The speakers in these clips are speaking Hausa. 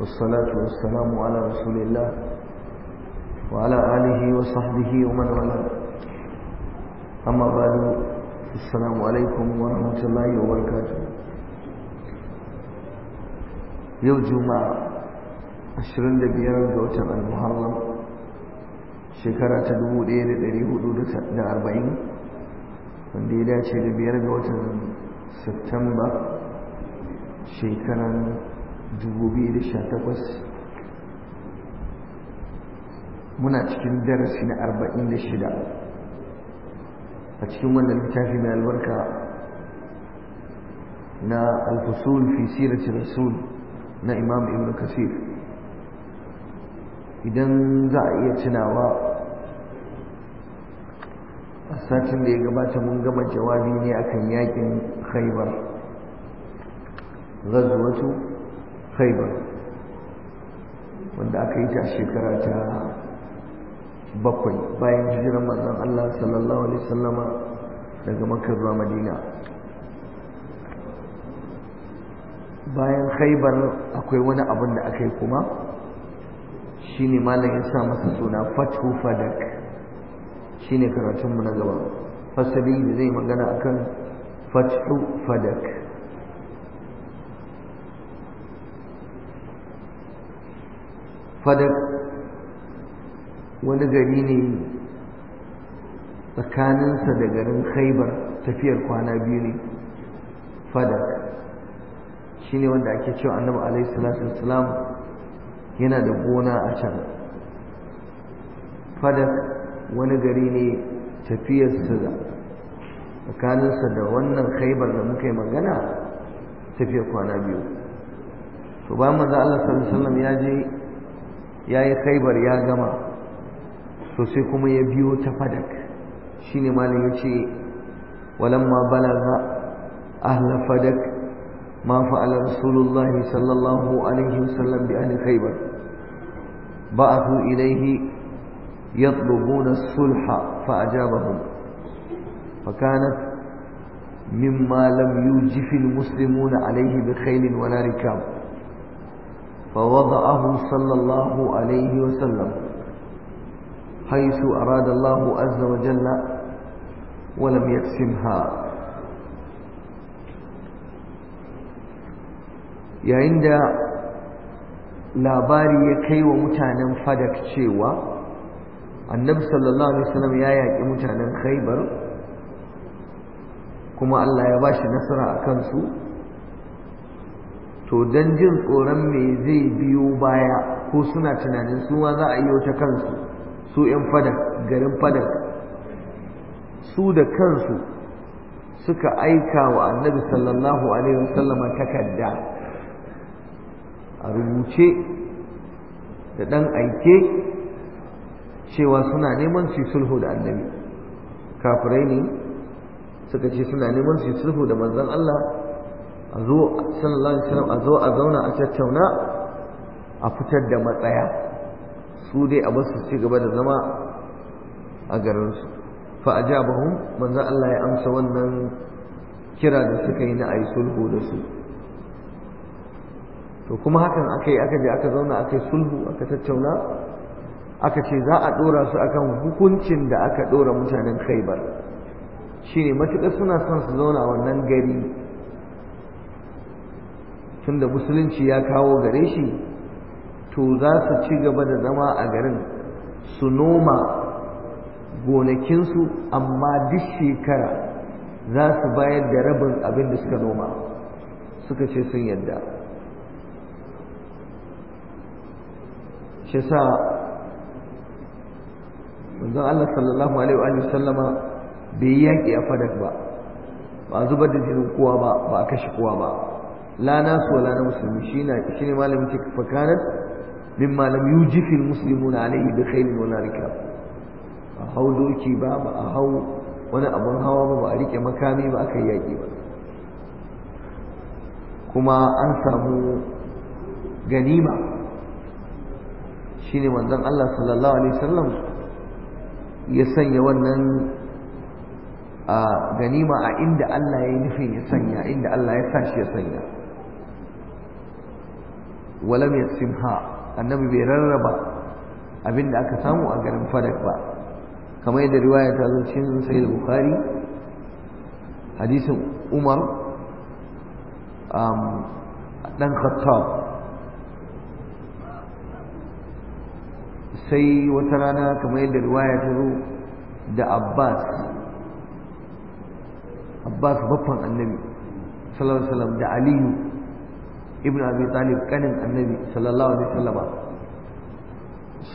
والصلاة والسلام على رسول الله وعلى آله وصحبه ومن والاه أما بعد السلام عليكم ورحمة الله وبركاته يوم جمعة 25 ga watan Al-Muharram shekara ta 1440 wanda ya dace da biyar ga watan September shekaran 2018 muna cikin darasi na 46 a cikin wannan littafi mai albarka na alfusul fi sirati rasul na imam ibn kasir idan za a iya tunawa a satin da ya gabata mun gama jawabi ne akan yakin khaibar ghazwatu khaibar wanda aka yi ta shekara ta bakwai bayan hijiran mazan Allah sallallahu alaihi wasallama daga makar zuwa madina bayan khaibar akwai wani abin da aka yi kuma shine ne ya sa masa suna fathu fadak shine karatunmu na gaba fasali da zai magana akan fathu fadak fadak wani gari ne tsakaninsa da garin khaibar tafiyar kwana biyu ne fadak shi ne wanda ake cewa annabi alaihi salatu wasalam yana da gona a can fadak wani gari ne tafiyarsa da tsakaninsa da wannan khaibar da muka yi magana tafiyar kwana biyu to ba manzo Allah sallallahu alaihi wasallam ya je ya yi khaibar ya gama sosai kuma ya biyo ta fadak shi ne malin ya ce walamma balaga ahla fadak ma fa'ala rasulullahi sallallahu alaihi wasallam bi ahli khaibar ba'athu ilaihi يطلبون الصلح فأجابهم فكانت مما لم يوجف المسلمون عليه بخيل ولا ركاب فوضعه صلى الله عليه وسلم حيث أراد الله عز وجل ولم يقسمها yayin da labari ya kai wa mutanen fadak cewa annabi sallallahu alaihi wasallam ya yaƙi mutanen khaibar kuma Allah ya bashi nasara a kansu to don jin tsoron me zai biyo baya ko suna tunanin su ma za a yi wata kansu su 'yan fadak garin fadak su da kansu suka aika wa annabi sallallahu alaihi wasallama takarda a rubuce da ɗan aike cewa suna neman su sulhu da annabi kafirai ne suka ce suna neman su sulhu da manzon Allah a zo sallallahu alaihi wasallam a zo a zauna a tattauna a fitar da matsaya su dai a basu ci gaba da zama a garinsu fa ajabahum manzo Allah ya amsa wannan kira da suka yi na ayi sulhu da su to kuma hakan aka yi aka je aka zauna aka sulhu aka tattauna aka ce za a ɗora su akan hukuncin da aka ɗora mutanen khaibar shine matuƙar suna son su zauna wannan gari tunda musulunci ya kawo gare shi to za su ci gaba da zama a garin su noma gonakinsu amma duk shekara za su bayar da rabin abin da suka noma suka ce sun yadda shi sa manzon Allah sallallahu alaihi wa sallama bai yaƙi a fadak ba ba zubar da jinin kowa ba ba a kashe kowa ba la nasu wala na musulmi shi na shi ne malamin ce fakanat min malam yujifil muslimuna alaihi bi khairin a hau doki ba a hau wani abun hawa ba ba a rike makami ba aka yaki ba kuma an samu ganima shine manzon Allah sallallahu alaihi wasallam ya sanya wannan a ganima a inda Allah ya nufin ya sanya inda Allah ya sa shi ya sanya walam yasimha annabi bai rarraba abinda aka samu a garin fadak ba kamar yadda riwaya ta zo sai da bukhari hadisin umar ɗan um, dan sai wata rana kamar yadda riwaya ta zo da abbas abbas babban annabi sallallahu alaihi wasallam da aliyu ibn abi talib kanin annabi sallallahu alaihi wasallama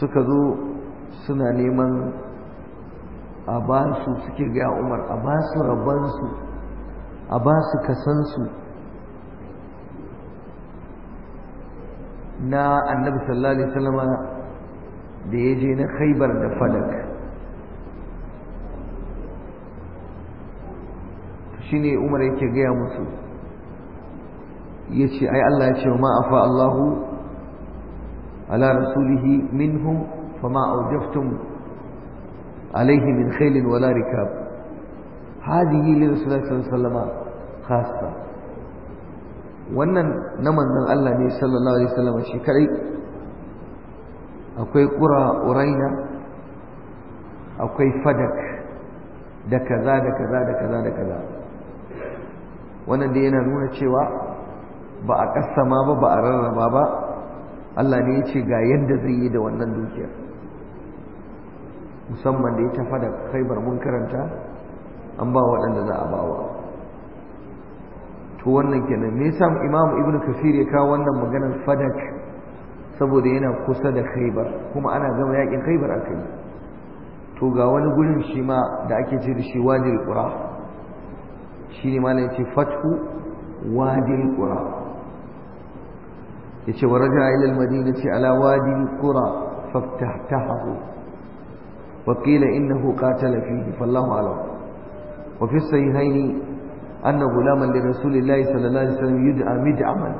suka zo suna neman a ba su suke ga umar a ba su rabansu a ba su kasansu na annabi sallallahu alaihi wasallama da ya je na khaibar da fadak shine umar yake gaya musu ya ce ai Allah ya ce ma'afa Allahu ala rasulihi minhum fama alaihi min khailin wala rikab hadihi li rasulullahi sallallahu alaihi wasallam khassa wannan na manzon Allah ne sallallahu alaihi wasallam shi kai akwai qura uraina akwai fadak da kaza da kaza da kaza da kaza wannan da yana nuna cewa ba a kassama ba ba a rarraba ba Allah ne ya ce ga yadda zai yi da wannan dukiyar musamman da ya tafa da khaibar mun karanta an ba waɗanda za a bawa to wannan kenan me yasa Imam Ibn kafir ya kawo wannan maganar Fadak saboda yana kusa da Khaibar kuma ana gama yakin Khaibar akai to ga wani gurin shi ma da ake ce da shi Wadi al-Qura ne malam yace Fathu Wadi qura yace wa raja'a ila al ce ala wadi al-qura faftahtahu wa qila innahu qatala fihi fallahu alam wa fi sahihayn anna ghulaman li rasulillahi sallallahu alaihi wasallam yud'a mid'aman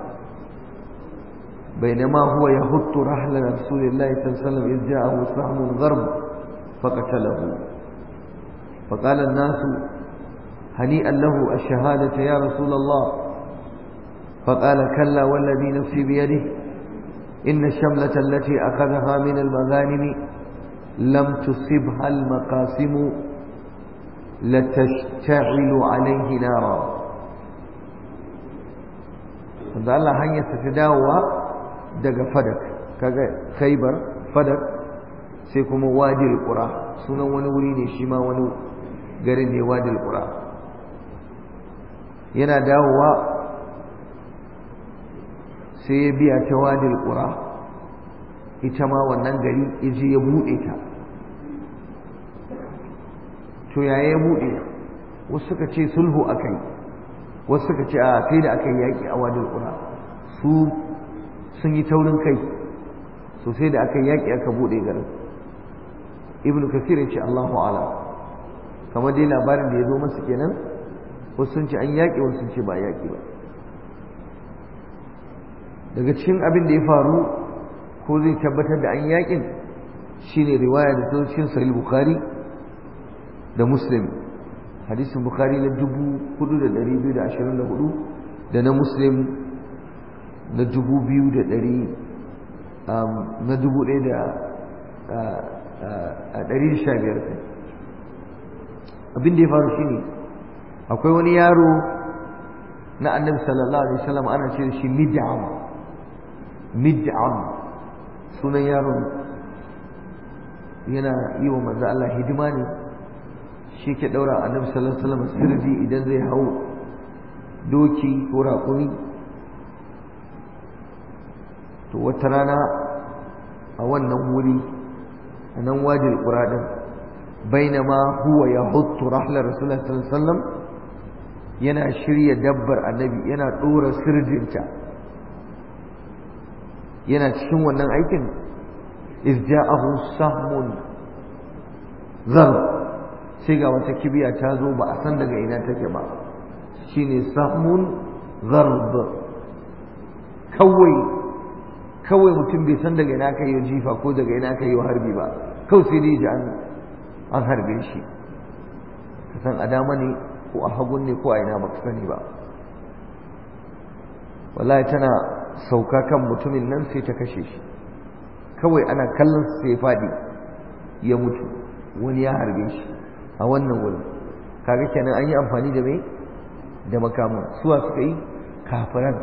بينما هو يهط رحل رسول الله صلى الله عليه وسلم إذ جاءه سهم غرب فقتله فقال الناس هنيئا له الشهادة يا رسول الله فقال كلا والذي نفسي بيده إن الشملة التي أخذها من المغانم لم تصبها المقاسم لتشتعل عليه نارا wanda Allah hanyarsa ta dawowa daga fadak kaga khaibar fadak sai kuma wadil qura sunan wani wuri ne shi ma wani garin ne yana dawowa sai ya biya ta wadil ƙura ita ma wannan gari ya je ya buɗe ta to ya ya buɗe wasu suka ce sulhu akai wasu suka ce a kai da aka yi yaƙi a wadil ƙura su sun yi taurin kai sosai da aka yi yaƙi aka buɗe garin Ibn kasir ya ce Allahu Ala, kamar dai labarin da ya zo masu kenan wasu sun ce an yaƙi wasu sun ce ba yaƙi ba daga cikin abin da ya faru ko zai tabbatar da an yakin shine riwaya da ta cikin sahih bukhari da muslim hadisin bukhari na 4224 da na muslim na 2200 um, na 1115 uh, uh, abin da ya faru shine akwai wani yaro na annabi sallallahu alaihi wasallam ana ce shi mid'am mid'am sunan yaron yana yi wa manzo Allah hidima ne shi ke daura annabi sallallahu alaihi wasallam sirri idan zai hau doki ko raƙumi to wata rana a wannan wuri a nan wajin ƙuraɗin bainama huwa ya hutu rahlar rasulullah sallallahu alaihi wasallam yana shirya dabbar annabi yana ɗora sirjinta yana cikin wannan aikin izja'ahu sahmun zar sai ga wata kibiya ta zo ba a san daga ina take ba shine sahmun zarb kawai kawai mutum bai san daga ina yi jifa ko daga ina yi harbi ba kawai sai dai ji an harbe shi ka san a dama ne ko a hagun ne ko a ina ba ka sani ba wallahi tana sauka kan mutumin nan sai ta kashe shi kawai ana kallon sai faɗi ya mutu wani ya harbe shi a wannan wurin kaga kenan an yi amfani da mai da makaman suwa suka yi kafiran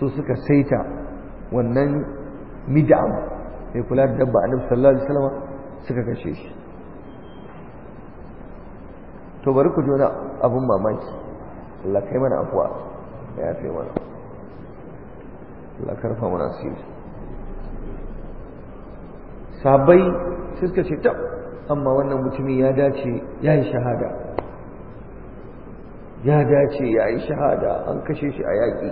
su suka saita wannan mid'am mai kula da dabba annabi sallallahu alaihi wasallam suka kashe shi to bari ku ji wani abun mamaki Allah kai mana afuwa ya fi mana Allah karfa mana asiri sabai suka ce ta amma wannan mutumin ya dace ya yi shahada ya dace ya yi shahada an kashe shi a yaƙi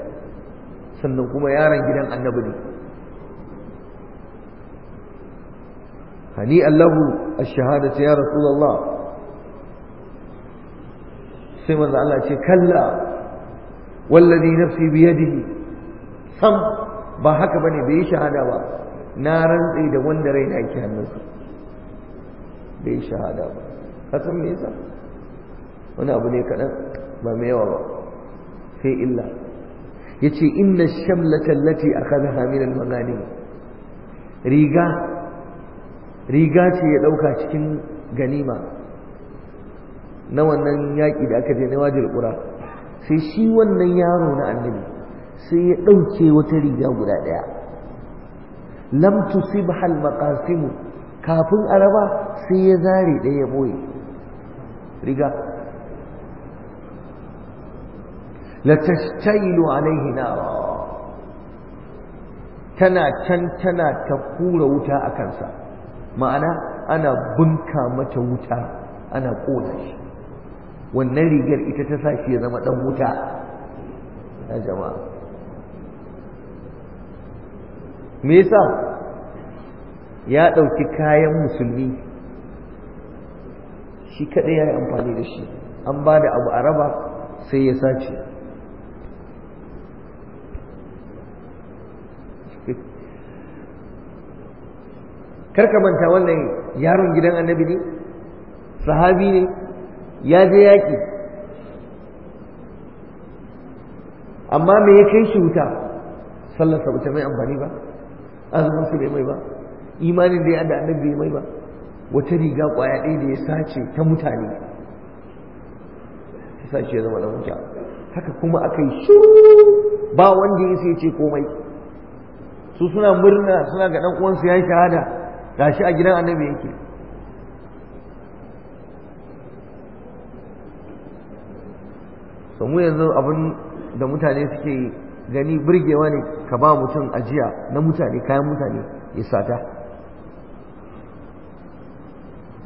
sannan kuma yaran gidan annabi ne hani allahu ash-shahadatu ya rasulallah sai manzo Allah ce kalla wallazi nafsi biyadihi sam ba haka bane bai yi shahada ba na rantse da wanda rai na yake hannunsa bai yi shahada ba kasan me yasa wani abu ne kaɗan ba mai yawa ba sai illa ya ce inna shamlata allati akhadha min al magani riga riga ce ya ɗauka cikin ganima na wannan yaki da aka je na wajir ƙura sai shi wannan yaro na annabi sai ya ɗauke wata riga guda ɗaya lam tusib hal maqasimu kafin raba sai ya zare ɗaya ya boye riga la tashtailu alaihi nara tana can tana ta kura wuta a kansa ma'ana ana bunka mata wuta ana ƙona shi wannan rigar ita ta sa shi ya zama ɗan wuta na jama'a me yasa ya ɗauki kayan musulmi shi kaɗai ya yi amfani da shi an ba da abu a raba sai ya sace karka manta wannan yaron gidan annabi ne sahabi ne ya je yaƙi amma me ya kai shi wuta sallar ta mai amfani ba azumin bai mai ba imanin da ya da annabi bai mai ba wata riga kwaya ɗaya da ya sace ta mutane ta sace ya zama da haka kuma aka yi shiru ba wanda ya sai ce komai su suna murna suna ga ɗan uwansu ya yi shahada shi a gidan annabi yake mu yanzu abin da mutane suke yi. gani burgewa ne ka ba mutum ajiya na mutane kayan mutane ya sata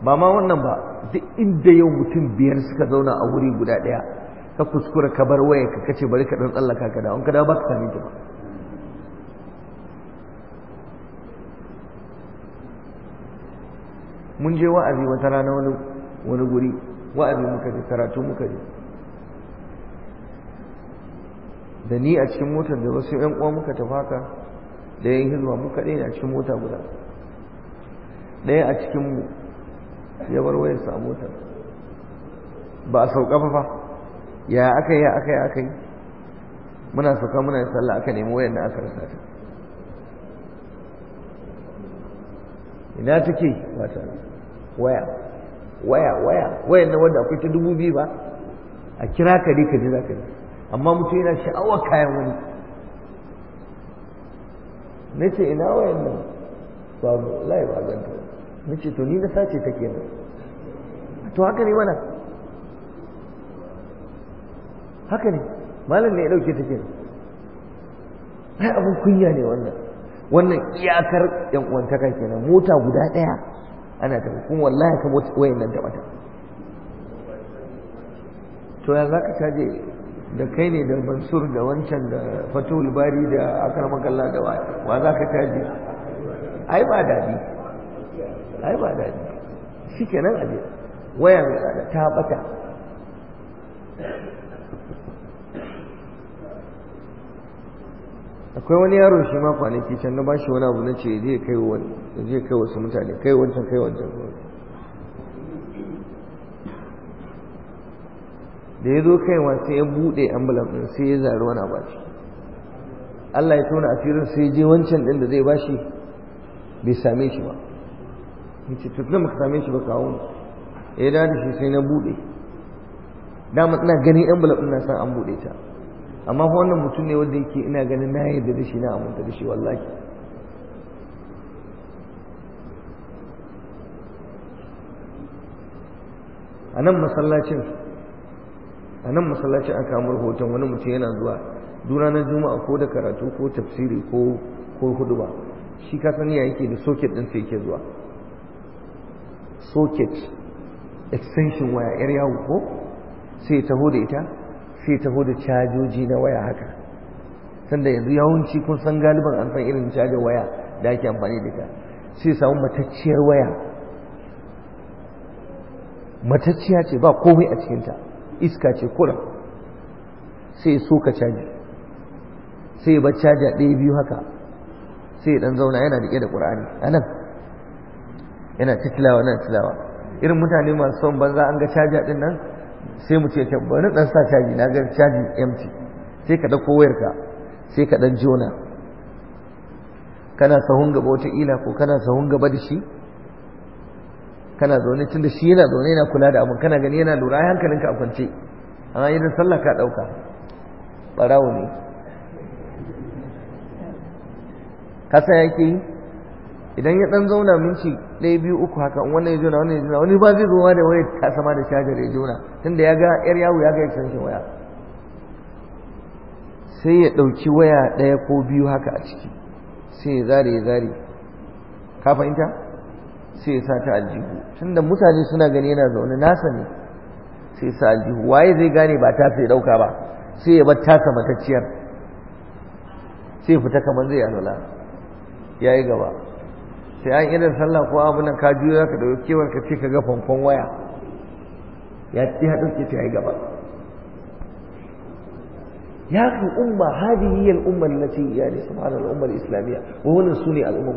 ba ma wannan ba duk inda yau mutum biyar suka zauna a wuri guda ɗaya ka kuskura ka bar waya ka kace bari ka ɗan tsallaka ka dawo ka dawo ba ka same ta ba mun je wa'azi wata rana wani wani guri wa'azi muka je karatu muka je da ni a cikin motar da wasu yan uwa muka tafi haka da yin hizba muka ɗaya a cikin mota guda ɗaya a cikin mu ya bar wayarsa a motar ba a sauka ba fa ya aka yi aka yi aka yi muna sauka muna yin sallah aka nemi wayar da aka rasa ta ina take wata waya waya waya wayar na wanda akwai ta dubu biyu ba a kira ka dai ka ji za ka ji amma mutum yana sha'awar kayan wani na ce ina wayan nan mu layi ba ganta na ce to ni na sace ta kenan to haka ne mana haka ne malam ne ya dauke ta kenan ai abin kunya ne wannan wannan iyakar yan uwantaka kenan mota guda ɗaya ana ta kuma wallahi ka mota wayan nan da mata to ya zaka caje da kai ne da mansur da wancan da fatul bari da akramakallah da wa za ka taji ai ba dadi ai ba dadi shikenan aje waya mai ta bata akwai wani yaro shi ma kwanaki can na bashi wani abu na ce zai kai wasu mutane kai wancan kai wancan da ya zo kaiwa sai ya bude ambulan din sai ya zari wani abaci Allah ya tona asirin sai je wancan ɗin da zai bashi bai same shi ba yace to tunda muka same shi ba kawo ya da shi sai na bude. dama ina ganin ambulan din na san an buɗe ta amma fa wannan mutum ne wanda yake ina ganin na yadda da shi na aminta da shi wallahi a nan masallacin a nan masallaci aka kamar hoton wani mutum yana zuwa duna na juma'a ko da karatu ko tafsiri ko ko huduba shi ka sani ya yake da socket din sai yake zuwa socket extension waya yar yawo ko sai ya taho da ita sai ya taho da cajoji na waya haka sanda yanzu yawanci kun san galiban an san irin caja waya da ake amfani da ita sai samu matacciyar waya matacciya ce ba komai a cikinta iska ce kura sai soka caji sai caji caja ɗaya biyu haka sai dan zauna yana rike da a nan yana tilawa na tilawa irin mutane masu son banza an ga caja a nan sai mu ce bari dan sa caji na ga caji empty sai ka dauko wayarka sai ka ɗan jona kana sahun gaba wata ila ko kana sahun gaba da shi kana zaune tunda shi yana zaune yana kula da abin kana gani yana lura ai hankalinka a kwance amma idan sallah ka ɗauka ɓarawo ne kasa ke yi idan ya ɗan zauna minci ɗaya biyu uku haka wannan ya jona wannan ya jona wani ba zai zo da waya ta sama da shajar ya tun tunda ya ga yar yawo ya ga extension waya sai ya ɗauki waya ɗaya ko biyu haka a ciki sai ya zare ya zare ka fahimta sai ya sa ta aljihu tunda mutane suna gani yana zaune nasa ne sai ya sa aljihu waye zai gane ba ta sai dauka ba sai ya bar tasa matacciyar sai fita kamar zai alwala yayi gaba sai an irin sallah ko abin nan ka juyo ka dauki kewar ka ce ka ga fanfan waya ya ci ke ta yayi gaba ya fi umma hadihi al umma allati yani subhanal umma al islamiyya wa wannan sune al umma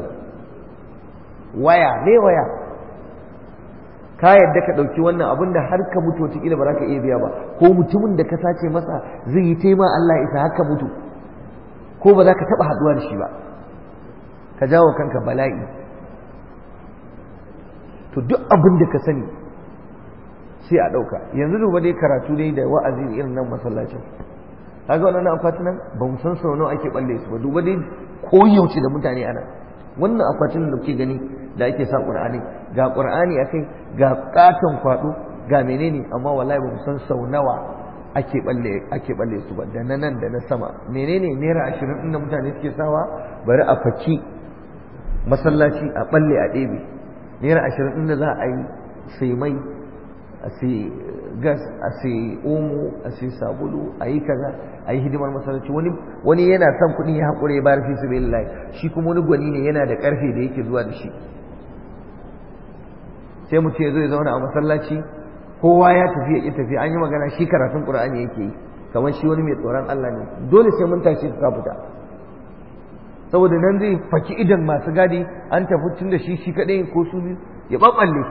na. waya ne waya ka yadda ka ɗauki wannan abin da har ka mutu wataƙila ba za ka iya biya ba ko mutumin da ka sace masa zai yi taima Allah isa har ka mutu ko ba za ka taɓa haɗuwa da shi ba ka jawo kanka bala'i to duk abin da ka sani sai a ɗauka yanzu duba dai karatu dai da wa'azi irin nan masallacin kaga wannan akwatin nan ba mu san sau nawa ake balle su ba duba dai ko da mutane ana wannan akwatin da kuke gani da ake sa qur'ani ga qur'ani akai ga katon kwado ga menene amma wallahi ba mu san sau nawa ake balle ake balle su ba da na nan da na sama menene naira 20 din da mutane suke sawa bari a faki masallaci a balle a ɗebe naira 20 din da za a yi sai mai a sai gas a sai omo a sai sabulu a yi kaza a yi hidimar masallaci wani wani yana son kuɗin ya haƙura ya fi su shi kuma wani gwani ne yana da ƙarfe da yake zuwa da shi sai mu ce zai zauna a masallaci kowa ya tafi ya ƙi tafi an yi magana shi karatun ƙur'ani yake yi kamar shi wani mai tsoron Allah ne dole sai mun tashi ka fita saboda nan zai faki idan masu gadi an tafi tun da shi shi kaɗai ko su biyu ya ɓaɓɓalle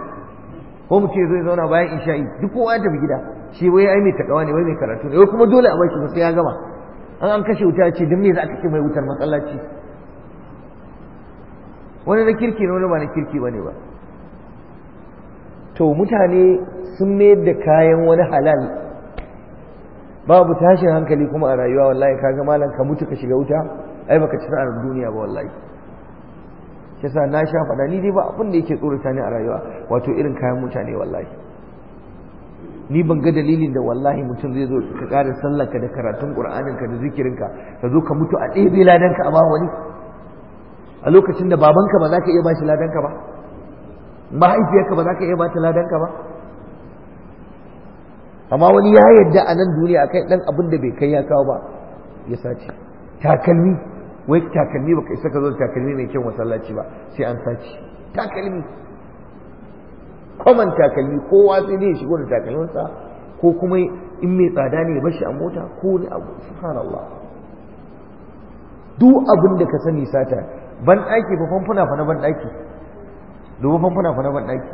ko mu ce zai zauna bayan isha'i duk kowa ya tafi gida shi wai ai mai takawa ne wai mai karatu ne wai kuma dole a bashi sai ya gama an an kashe wuta ce don me za a kashe mai wutar masallaci wani na kirki ne wani ba na kirki ba ne ba to mutane sun mayar da kayan wani halal babu tashin hankali kuma a rayuwa wallahi kaga malam ka mutu ka shiga wuta ai baka ci sa'ar duniya ba wallahi sa na sha faɗa ni dai ba abin da yake tsorata ni a rayuwa wato irin kayan mutane wallahi ni ban ga dalilin da wallahi mutum zai zo ka ƙara sallarka da karatun ka da zikirinka ka zo ka mutu a ɗebe ladanka a ba wani a lokacin da babanka ba za ka iya ba shi ladanka ba mahaifiyarka ba za ka iya ba bata ladanka ba amma wani ya yadda a nan duniya a kai dan abin da bai kai ya kawo ba ya sace takalmi wai takalmi ka isa ka zo takalmi mai kyau masallaci ba sai an sace takalmi kwaman takalmi kowa sai ne ya shigo da takalminsa ko kuma in mai tsada ne ya bashi a mota ko ne abu subhanallah duk abin da ka sani sata ban ɗaki ba fanfuna fa na ban ɗaki dubu famfuna fa na ban daki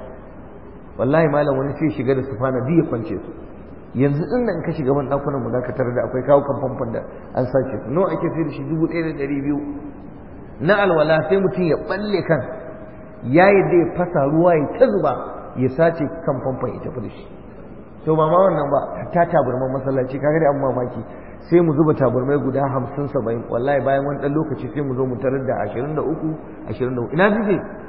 wallahi malam wani sai shiga da sufana duk kwance su yanzu din nan ka shiga ban dakunan mu zaka tarar da akwai kawo kan famfon da an sace su nawa ake sai da shi dubu ɗaya da ɗari biyu na alwala sai mutum ya balle kan ya yi da fasa ruwa ya ta zuba ya sace kan famfon ya tafi da shi to ba ma wannan ba ta taburman masallaci kaga dai an mamaki sai mu zuba taburmai guda hamsin saba'in wallahi bayan wani ɗan lokaci sai mu zo mu tarar da ashirin da uku ashirin da uku ina kike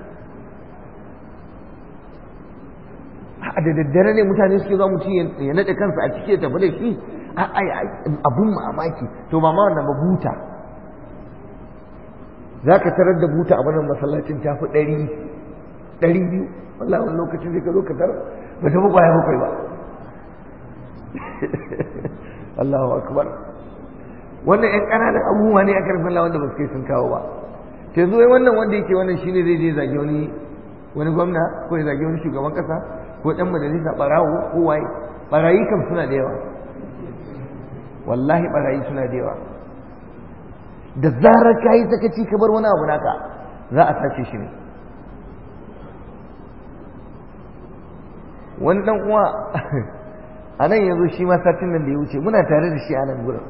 a da daddare ne mutane suke zuwa mutum ya naɗe kansa a ciki ya tafi da shi abun mamaki to ba ma wannan ba buta za ka tarar da buta a wannan masallacin tafi ɗari ɗari biyu wallah wani lokacin zai ka zo ka tarar ba ta bakwai bakwai ba Allahu akbar wannan ƴan ƙananan abubuwa ne a karfin lawan da ba su kai sun kawo ba ke zo wannan wanda yake wannan shine zai je zage wani wani gwamna ko ya zage wani shugaban ƙasa ko ɗan majalisa ɓarawo ko waye ɓarayi kam suna da yawa wallahi ɓarayi suna da yawa da zarar ka yi sakaci ka bar wani abu naka za a sace shi ne wani ɗan uwa a nan yanzu shi ma satin nan da ya wuce muna tare da shi a nan gurin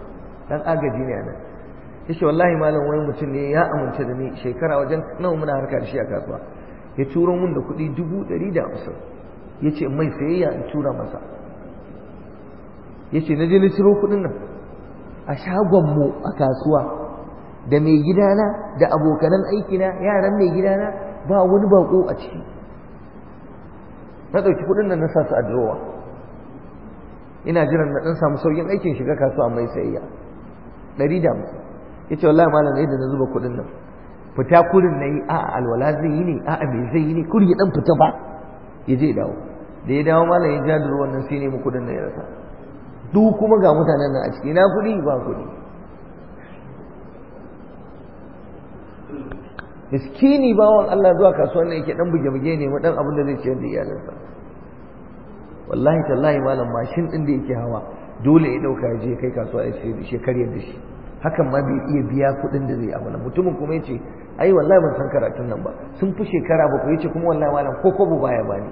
ɗan agaji ne a nan yace wallahi malam wani mutum ne ya amince da ni shekara wajen nawa muna harka da shi a kasuwa ya turo mun da kuɗi dubu ɗari da hamsin ya ce mai sayayya in tura masa ya ce na je na ciro kuɗin nan a shagonmu a kasuwa da mai gidana da abokanan aikina yaran mai gidana ba wani bako a ciki na ɗauki kuɗin nan na sa su a durowa ina jiran na ɗan samu saukin aikin shiga kasuwa mai sayayya ɗari da hamsin ya ce wallahi malam yadda na zuba kuɗin nan fita kudin na yi a'a alwala zai yi ne a'a me zai yi ne kuri ya ɗan fita ba ya je dawo da ya dawo malam ya ja wannan ruwan sai ne mukudin na ya rasa duk kuma ga mutanen nan a ciki na kudi ba kudi miskini bawan Allah zuwa kasuwar nan yake dan buge-buge ne mu dan abin da zai ciyar da iyalansa wallahi tallahi malam mashin din da yake hawa dole ya dauka ya je kai kasuwa ya ce shekarar da shi hakan ma bai iya biya kuɗin da zai abu mutumin kuma ya ce ai wallahi ban san karatun nan ba sun fi shekara ba ku yace kuma wallahi malam ko kobo baya bani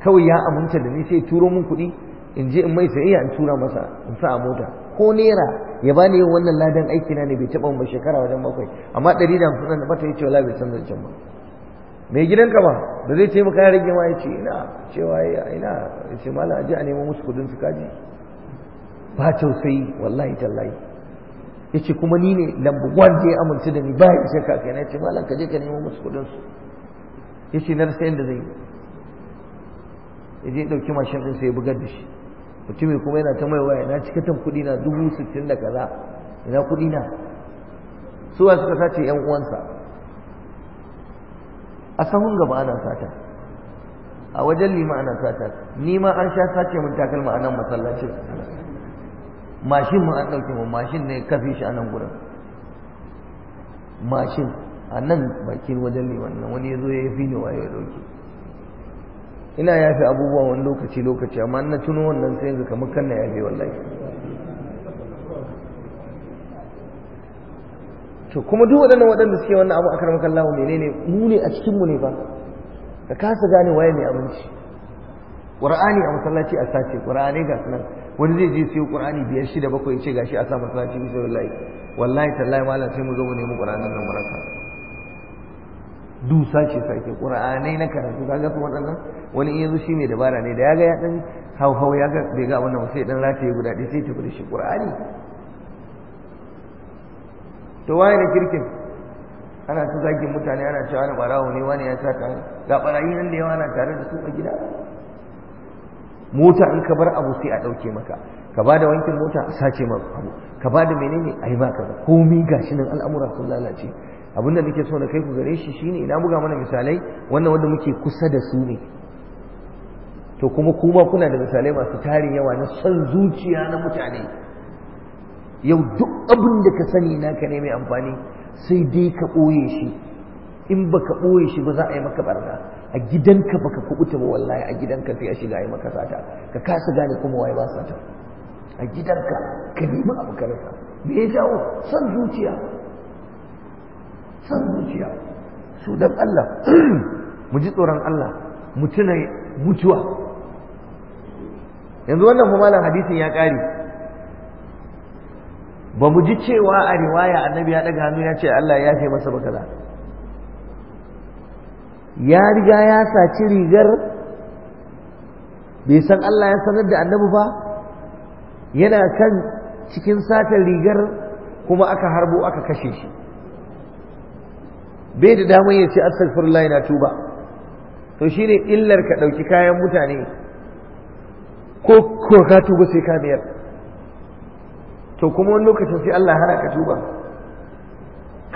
kawai ya aminta da ni sai turo min kuɗi in je in mai sayayya in tura masa in sa a mota ko nera ya bani yau wannan ladan aiki na ne bai taɓa ba shekara wajen bakwai amma ɗari da hamsin da bata yace wallahi bai san zancen ba mai gidanka ba da zai maka ya rage ma ya ce ina cewa ina ya ce malam aje a nemo musu kuɗin su kaji ba tausayi wallahi tallahi yace kuma ni ne lambu one ya amince da ni ba ya isa kaka na ce malam ka je ka nemo musu kudin su yace na san yadda zai yaje dauki mashin din sai ya bugar da shi mutumin kuma yana ta mai waya na cika tan kudi na dubu sittin da kaza ina kudi na Su suwa suka sace ƴan uwansa a sahun gaba ana sata a wajen lima ana sata ni ma an sha sace mun takalma a nan masallacin mashin mun an ɗauke mu mashin ne kafi shi a nan gurin mashin a nan bakin wajen liman nan wani ya zo ya yi fi ne waye ya ɗauke ina fi abubuwa wani lokaci lokaci amma na tuno wannan sai yanzu kamar kan na yafe wallahi to kuma duk waɗannan waɗanda suke wannan abu a karamar kallahu menene mu ne a cikinmu ne ba ka kasa gane waye mai abinci ƙur'ani a masallaci a sace ƙur'ani ga sunan wani zai je sai qur'ani biyar shida bakwai ya ce gashi a samu masallaci bi sallallahi wallahi tallahi malam sai mu zo mu nemi qur'anin nan marasa dusa ce sake qur'ani na karatu kaga su waɗannan wani in yanzu shine dabara ne da ya ga ya dan hau ya ga bai ga wannan sai dan rataye guda ɗaya sai tafi da shi qur'ani to waye ne kirkin ana ta zagin mutane ana cewa ana barawo ne wani ya sa ga barayi nan da yawa ana tare da su a gida mota in ka bar abu sai a ɗauke maka ka ba da wankin mota a sace ma abu ka ba da menene a yi baka komi gashi nan al'amura sun lalace abin da nake so na kai ku gare shi shine ina buga mana misalai wannan wanda muke kusa da su ne to kuma kuma kuna da misalai masu tarin yawa na son zuciya na mutane yau duk abin da ka sani naka ne mai amfani sai dai ka ɓoye shi in baka ɓoye shi ba za a yi maka barna a gidanka baka kubuta ba wallahi a gidanka sai a shiga yi maka sata ka kasa gane kuma waye ba sata a gidanka ka nemi abu ka rasa me ya jawo San zuciya san zuciya su dan Allah mu ji tsoron Allah mu tuna mutuwa yanzu wannan kuma malam hadisin ya ƙare ba mu ji cewa a riwaya annabi ya ɗaga hannu ya ce Allah ya fi masa ba kaza ya riga ya saci rigar bai san Allah ya sanar da annabi ba yana kan cikin satar rigar kuma aka harbo aka kashe shi bai da damar ya ce astaghfirullah yana tuba to shine illar ka ɗauki kayan mutane ko ko ka tuba sai ka biyar to kuma wani lokacin sai Allah hana ka tuba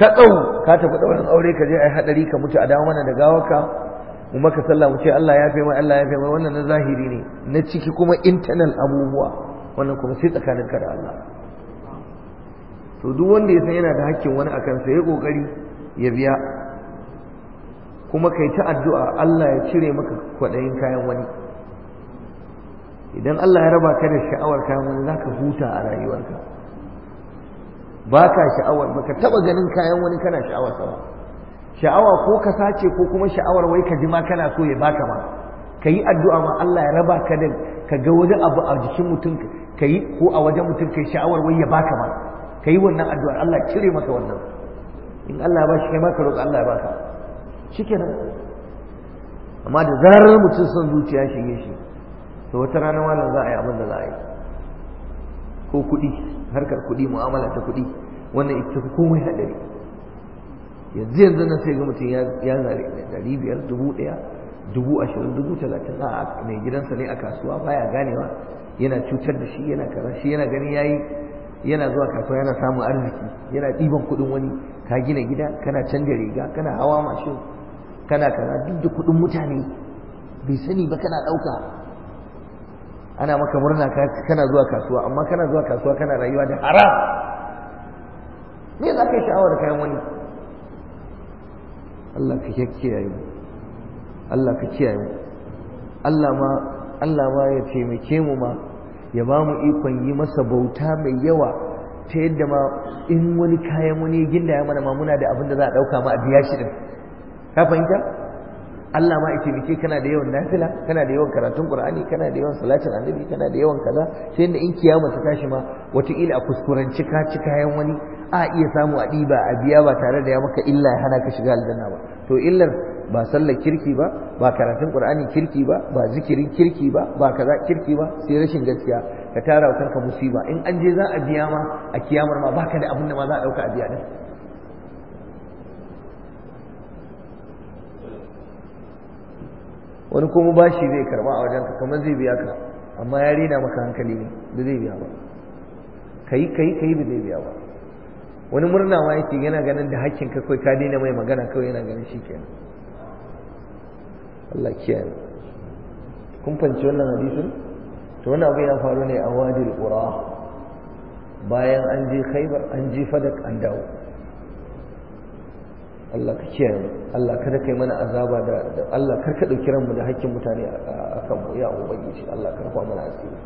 ka tsawo ka tafi ɗaurin aure ka je a yi haɗari ka mutu a dawo mana da ka. mu maka sallah mu ce Allah ya fi mai Allah ya fi mai wannan na zahiri ne na ciki kuma internal abubuwa wannan kuma sai tsakanin ka da Allah to duk wanda ya san yana da hakkin wani akan sa ya kokari ya biya kuma kai ta addu'a Allah ya cire maka kwaɗayin kayan wani idan Allah ya raba ka da sha'awar kayan wani zaka huta a rayuwarka ba ka sha'awar ka taba ganin kayan wani kana sha'awar sa ba sha'awa ko ka sace ko kuma sha'awar wai ka ji ma kana so ya baka ma ka yi addu'a ma Allah ya raba ka din ka ga wani abu a jikin mutum ka yi ko a wajen mutum ka yi sha'awar wai ya baka ma ka yi wannan addu'ar Allah cire maka wannan in Allah ba shi kai maka roƙa Allah ya baka shikenan amma da zarar mutum son zuciya shi ne shi to wata rana wannan za a yi abin da za a yi ko kuɗi harkar kuɗi mu'amala ta kuɗi wannan ita komai haɗari yanzu yanzu nan sai ga mutum ya zare ɗari biyar dubu ɗaya dubu ashirin dubu talatin a mai gidansa ne a kasuwa baya ganewa yana cutar da shi yana kaza shi yana gani yayi yana zuwa kasuwa yana samun arziki yana ɗiban kuɗin wani ka gina gida kana canja riga kana hawa mashin kana kaza duk da kuɗin mutane bai sani ba kana ɗauka ana maka murna kana zuwa kasuwa amma kana zuwa kasuwa kana rayuwa da haram me za ka yi sha'awar kayan wani Allah ka kiyaye mu Allah ka kiyaye mu Allah ma Allah ma ya taimake mu ma ya ba mu ikon yi masa bauta mai yawa ta yadda ma in wani kayan wani ginda ya mana ma muna da abin da za a ɗauka ma a biya shi ɗin ka fahimta Allah ma yake bike kana da yawan nafila kana da yawan karatun Qur'ani kana da yawan salatin annabi kana da yawan kaza sai inda in kiyama ta tashi ma wataƙila a kuskuranci ka ci kayan wani a iya samu a ɗiba a biya ba tare da ya maka illa ya hana ka shiga aljanna ba to illar ba sallar kirki ba ba karatun Qur'ani kirki ba ba zikirin kirki ba ba kaza kirki ba sai rashin gaskiya ka tara kanka musiba in an je za a biya ma a kiyamar ma baka da abin da ma za a ɗauka a biya din wani kuma bashi zai karba a wajenka kamar zai biya ka amma ya rina maka hankali ne da zai biya ba kai kai kai da zai biya ba wani murna ma yake yana ganin da hakkin ka kai ka daina mai magana kawai yana ganin shi kenan Allah kiyaye kun fanci wannan hadisin to wannan abu ya faru ne a al qura bayan an je khaybar an je fadak an dawo Allah ka kiyaye mu Allah kada kai mana azaba da Allah kar ka dauki ranmu da hakkin mutane akan mu ya ubangiji Allah ka rufa mana asiri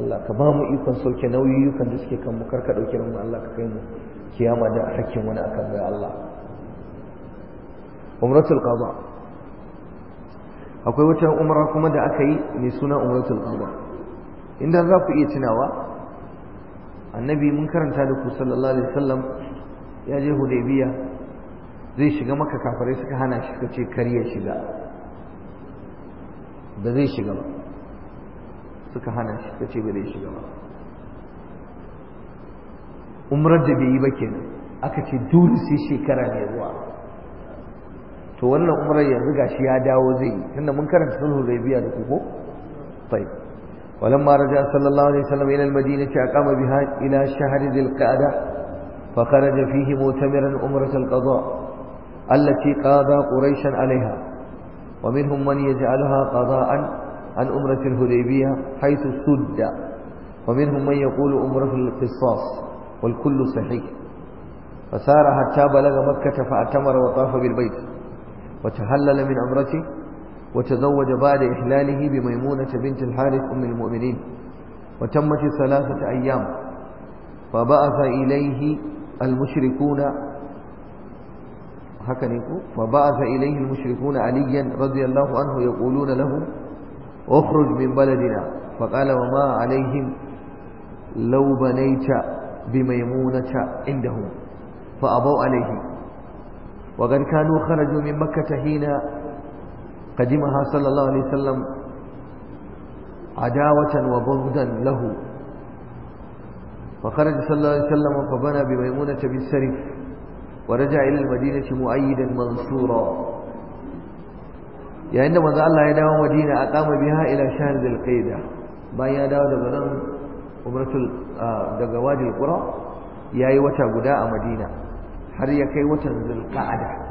Allah ka ba mu ikon sauke nauyiyukan da suke kan mu kar ka dauki ranmu Allah ka kai mu kiyama da hakkin wani akan mu ya Allah umratul qada akwai wata umra kuma da aka yi mai suna umratul qada inda za ku iya tunawa annabi mun karanta da ku sallallahu alaihi wasallam ya je Hudaybiyah zai shiga maka kafare suka hana shi suka ce kariya shiga ba zai shiga ba suka hana shi suka ce ba zai shiga ba umrar da bai yi ba kenan aka ce dole sai shekara mai zuwa to wannan umrar yanzu gashi ya dawo zai yi tunda mun karanta sulhu zai biya da kuko طيب ولما رجع صلى الله عليه وسلم إلى المدينة أقام بها إلى شهر ذي القعدة فخرج فيه مؤتمرا أمرة القضاء التي قاضى قريشا عليها ومنهم من يجعلها قضاء عن أمرة الهديبية حيث سد ومنهم من يقول أمرة القصاص والكل صحيح فسار حتى بلغ مكة فأتمر وطاف بالبيت وتهلل من عمرته وتزوج بعد إحلاله بميمونة بنت الحارث أم المؤمنين وتمت ثلاثة أيام فبعث إليه المشركون haka ne ko fa ba'atha ilayhi al-mushrikuna aliyan radiyallahu anhu yaquluna lahu ukhruj min baladina fa qala wa ma alaihim law banayta bi maymunata indahum fa abaw alayhi wa qad kanu kharaju min makkah hina qadimaha sallallahu alayhi wasallam adawatan wa bughdan lahu فخرج صلى الله عليه وسلم فبنى بميمونة بالسرف ورجع إلى المدينة مؤيدا منصورا يعني عندما ذا الله يدعو مدينة أقام بها إلى شان ذي القيدة ما يدعو دغنان نعم؟ عمرة آه، دغواج القرى يا يوتا قداء مدينة هل يكي وتا ذي القعدة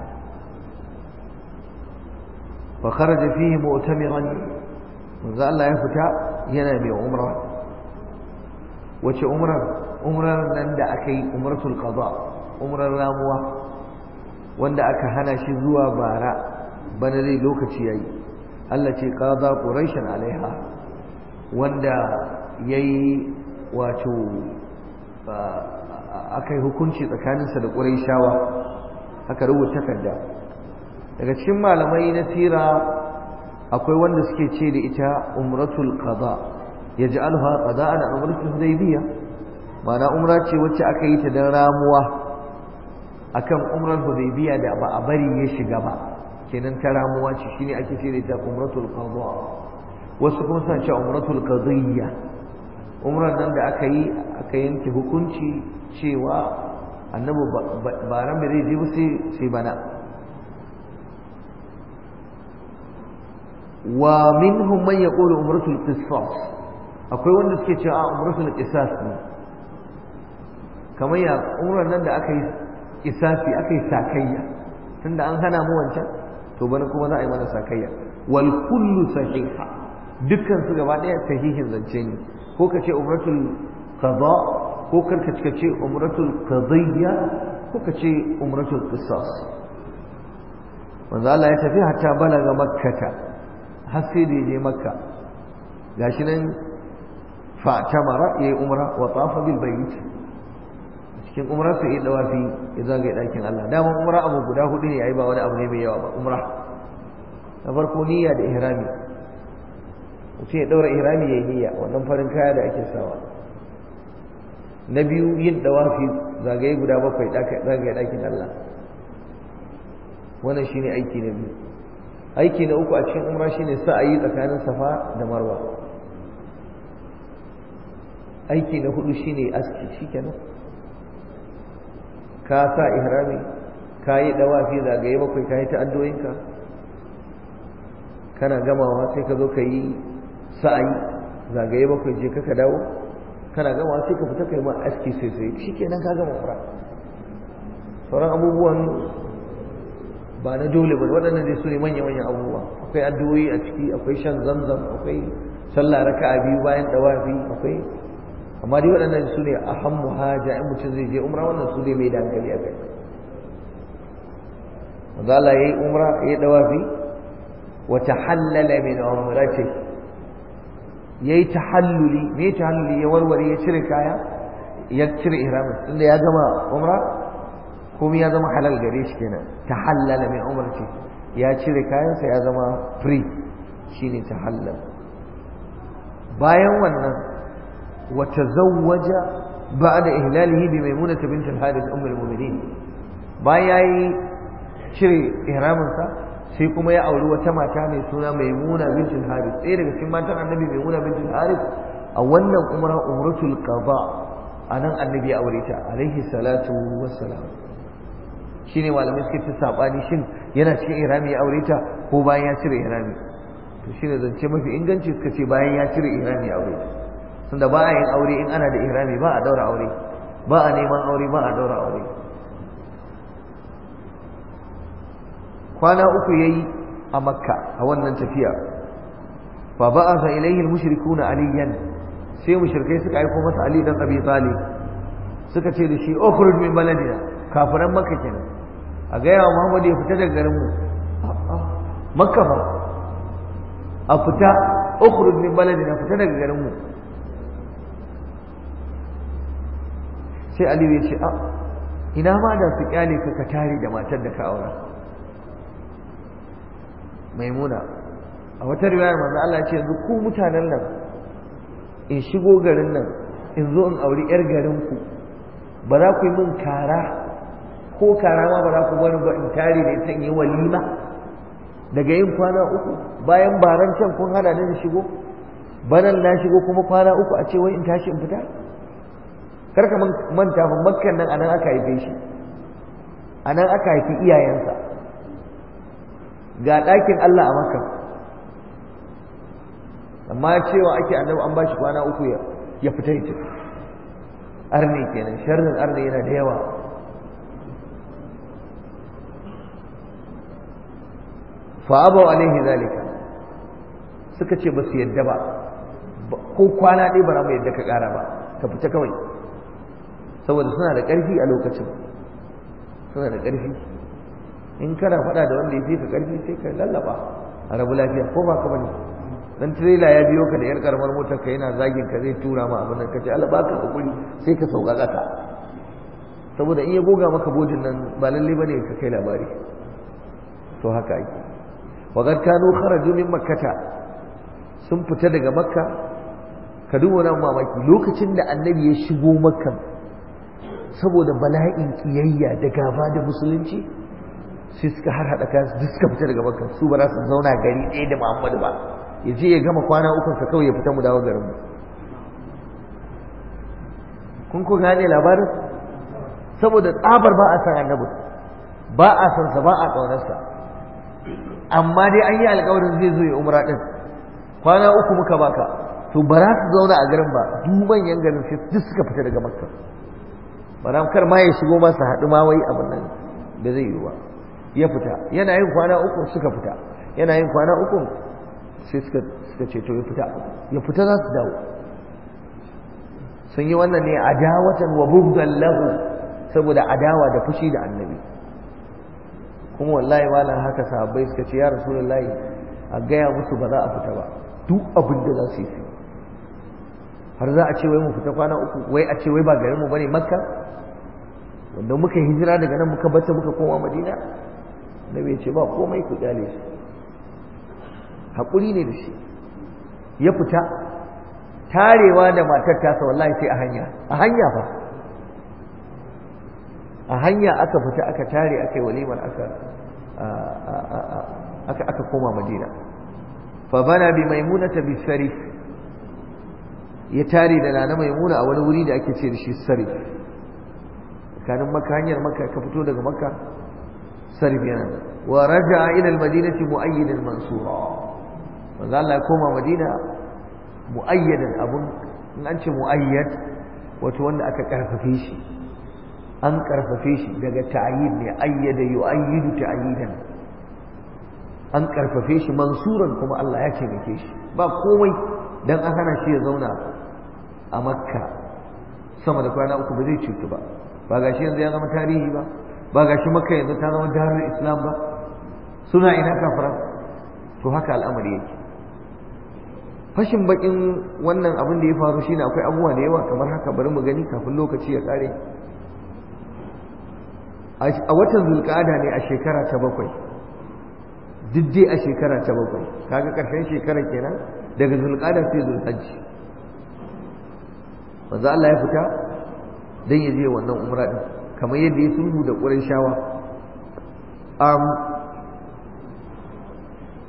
فخرج فيه مؤتمرا ذا الله يفتا هنا عمره وش عمرة عمرة لن دعكي عمرة القضاء umrar ramuwa wanda aka hana shi zuwa bara bana zai lokaci yayi Allah ce qada quraishan alaiha wanda yayi wato akai hukunci tsakaninsa da quraishawa aka rubuta takarda daga cikin malamai na tira akwai wanda suke ce da ita umratul qada yaj'alha qada'an umratul hudaybiyah ma'ana umra ce wacce aka yi ta dan ramuwa akan umrar hudaybiya da ba a bari ya shiga ba kenan ta ramuwa ce shine ake cewa ta umratul qadha wasu kuma suna cewa umratul qadiyya umrar nan da aka yi aka yanke hukunci cewa annabi ba ran bai je ba sai bana wa minhum man yaqulu umratul qisas akwai wanda suke cewa umratul qisas ne kamar ya umrar nan da aka yi isafi aka yi sakayya tunda an hana mu wancan to bana kuma za a yi mana sakayya wal kullu sahiha dukkan su gaba daya sahihin zance ne ko ka ce umratul qada ko karka ka ce umratul qadiyya ko ka ce umratul qisas manzo Allah ya tafi hatta balaga makkata har sai da je makka gashi nan fa tamara yayi umra wa tafa bil bayt cikin umra su yi wafi ya ga ɗakin Allah dama umra abu guda hudu ne yayi ba wani abu ne mai yawa ba umra na farko niyya da ihrami mutum ya daura ihrami ya niyya wannan farin kaya da ake sawa na biyu yin dawafi zagaye guda bakwai zagaye ɗakin Allah wannan shine aiki na biyu aiki na uku a cikin umra shine sa ayi tsakanin safa da marwa aiki na hudu shine aski shikenan ka sa ihrami ka yi dawafi zagaye bakwai ka yi ta'addoyinka kana gamawa sai ka zo ka yi sa'ayi zagaye bakwai je ka dawo kana gamawa sai ka fita kai ma aski sai sai shikenan ka gama fara sauran abubuwan ba na dole ba waɗannan dai su ne manya manya abubuwa akwai addu'o'i a ciki akwai shan zanzan akwai sallah raka'a biyu bayan dawafi akwai amma dai waɗannan su ne a hannu haja in mutum zai je umra wannan su ne mai da hankali a kai zala ya yi umra ya dawafi wata hallala min ce. ya yi mai me halluli ya warware ya cire kaya ya cire ihramin Inda ya gama umra komai ya zama halal gare shi kenan ta hallala min ce. ya cire kayansa ya zama free shine hallala bayan wannan وتزوج بعد إهلاله بميمونة بنت الحارث أم المؤمنين باياي شري إهرامنسا sai kuma ya auri wata mata mai suna maimuna bintul haris ɗaya daga cikin matan annabi maimuna bintul haris a wannan umra umratul a nan annabi ya aure ta alaihi salatu Shi ne malamai suke ta ni shin yana cikin irami ya aure ta ko bayan ya cire irami to shi ne zance mafi inganci suka ce bayan ya cire irami ya aure ta tunda ba a yin aure in ana da ihrami ba a daura aure ba a neman aure ba a daura aure kwana uku yayi a makka a wannan tafiya fa ba'atha ilayhi al-mushrikuna aliyan sai mushrikai suka aika masa ali dan abi talib suka ce da shi ukhruj min baladina kafiran makka kenan a ga yawa muhammad ya fita daga garin mu makka fa a fita ukhruj min baladina fita daga garin mu sai aliyu ya ce a ah, ina ma da su kyale ka ka tare da matar da ka aura maimuna a wata riwaya manzo Allah ya ce yanzu ku mutanen nan in shigo garin nan in zo in auri yar garin ku ba za ku yi min kara ko kara ma ba za ku bani ba in tare da ita in walima daga yin kwana uku bayan baran can kun hada da shigo banan na shigo kuma kwana uku a ce wai in tashi in fita karka manta fa makkan nan anan aka haife shi anan aka haifi iyayensa ga ɗakin Allah a makka amma cewa ake annabi an bashi kwana uku ya fita ya tafi arne kenan sharrin arne yana da yawa fa abu alaihi zalika suka ce ba su yadda ba ko kwana ɗaya ba za mu yadda ka ƙara ba ka fita kawai saboda suna da ƙarfi a lokacin suna da ƙarfi in kana faɗa da wanda ya fi ka ƙarfi sai ka lallaba a rabu lafiya ko ba ka bane dan tirela ya biyo ka da yar karamar motar ka yana zagin ka zai tura ma abin nan kace Allah baka hakuri sai ka sauƙaƙa ka saboda in ya goga maka bodin nan ba lalle bane ka kai labari to haka ake wa qad kanu kharaju min makkata sun fita daga makka ka duba nan mamaki lokacin da annabi ya shigo makka saboda bala'in kiyayya da gaba da musulunci sai suka har haɗa ka duk suka fita daga makka su ba za su zauna gari ɗaya da muhammadu ba ya je ya gama kwana ukun sa kawai ya fita mu dawo garinmu kun ku gane labarin saboda tsabar ba a san annabin, ba a san sa ba a ƙaunarsa amma dai an yi alƙawarin zai zo ya umra ɗin kwana uku muka baka to ba za su zauna a garin ba duk manyan garin sai duk suka fita daga makka maram kar ma ya shigo su haɗu ma wai abin nan da zai yi ba ya fita yana yin kwana uku suka fita yana yin kwana uku sai suka suka ce to ya fita ya fita za su dawo sun yi wannan ne adawatan wa bugdan lahu saboda adawa da fushi da annabi kuma wallahi malam haka sahabbai suka ce ya rasulullahi a gaya musu ba za a fita ba duk abin da za su yi har za a ce wai mu fita kwana uku wai a ce wai ba garin mu bane makka wanda muka hijira daga nan muka bata muka koma madina nabi ya ce ba komai ku kyale shi hakuri ne da shi ya fita tarewa da matar tasa wallahi sai a hanya a hanya fa a hanya aka fita aka tare aka yi walimar aka aka koma madina fa bana bi maimuna bi sarif ya tare da nana maimuna a wani wuri da ake ce da shi sarif kanin maka hanyar maka ka fito daga maka sarif yana wa raja ila almadinati muayyidan mansura manzo Allah ya koma madina muayyadan abun in an ce muayyad wato wanda aka karfafe shi an karfafe shi daga ta'yid ne ayyada yu'ayyidu ta'yidan an karfafe shi mansuran kuma Allah ya taimake shi ba komai dan an hana shi ya zauna a makka sama da kwana uku ba zai cutu ba ba gashi yanzu ya zama tarihi ba ba gashi makka yanzu ta zama darul islam ba suna ina kafara to haka al'amari yake fashin bakin wannan abin da ya faru shine akwai abubuwa da yawa kamar haka bari mu gani kafin lokaci ya kare a watan zulkada ne a shekara ta bakwai duk a shekara ta bakwai kaga ƙarshen shekara kenan daga zulqada sai zulhajji manzo Allah ya fita dan yaje wannan umra din kamar yadda ya sulhu da Qurayshawa am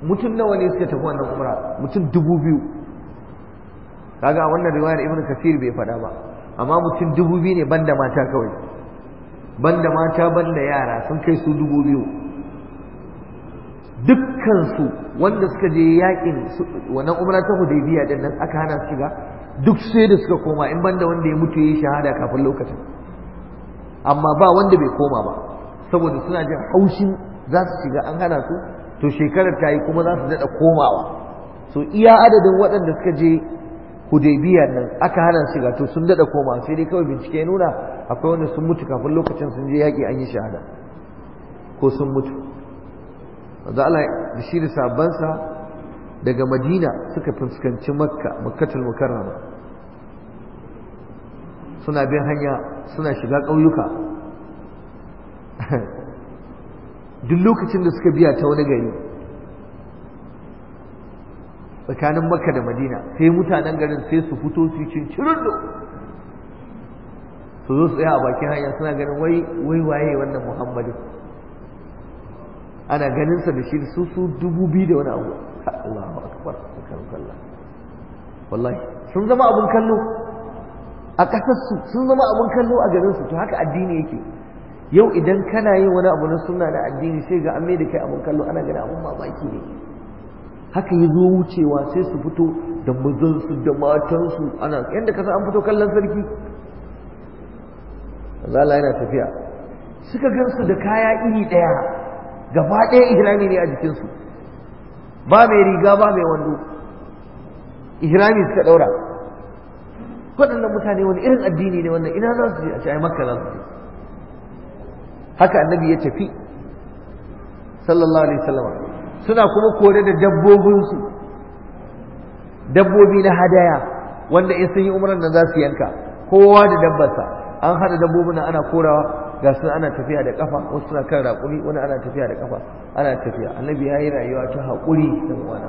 mutum nawa ne suka tafi wannan umra mutum dubu biyu kaga a wannan riwayar Ibn kasir bai faɗa ba amma mutum dubu biyu ne banda mata kawai banda mata banda yara sun kai su dubu biyu dukkansu wanda suka je yakin wannan umra ta hudaybiya din nan aka hana su shiga duk sai da suka koma in banda wanda ya mutu yayi shahada kafin lokacin amma ba wanda bai koma ba saboda suna jin haushin za su shiga an hana su to shekarar ta yi kuma za su daɗa komawa so iya adadin waɗanda suka je hudaybiya nan aka hana su shiga to sun daɗa koma sai dai kawai bincike ya nuna akwai wanda sun mutu kafin lokacin sun je yaƙi an yi shahada ko sun mutu wanda Allah da shi da sabansa daga Madina suka fuskanci Makka Makkatul Mukarrama suna bin hanya suna shiga ƙauyuka duk lokacin da suka biya ta wani gari tsakanin Makka da Madina sai mutanen garin sai su fito su yi cincirindo su zo su tsaya a bakin hanya suna ganin wai waye wannan muhammadin. ana ganin sa da shi su su dubu biyu da wani abu Allahu akbar kalla wallahi sun zama abun kallo a ƙasar su sun zama abun kallo a garin su to haka addini yake yau idan kana yin wani abu na sunna na addini sai ga an mai da kai abun kallo ana ganin abun mamaki ne haka ya zo wucewa sai su fito da mazansu da matansu ana yadda kasa an fito kallon sarki Allah yana tafiya suka gansu da kaya iri ɗaya gaba ɗaya ihrami ne a jikinsu ba mai riga ba mai wando ihrami suka ɗaura waɗannan mutane wani irin addini ne wannan ina za su je a ci ai makka za su je haka annabi ya tafi sallallahu alaihi wasallam suna kuma kore da dabbobinsu dabbobi na hadaya wanda in sun yi umarar nan za su yanka kowa da dabbarsa an hada dabbobin ana korawa ga su ana tafiya da kafa wasu suna kan raƙuri wani ana tafiya da kafa ana tafiya annabi ya yi rayuwa ta haƙuri da wani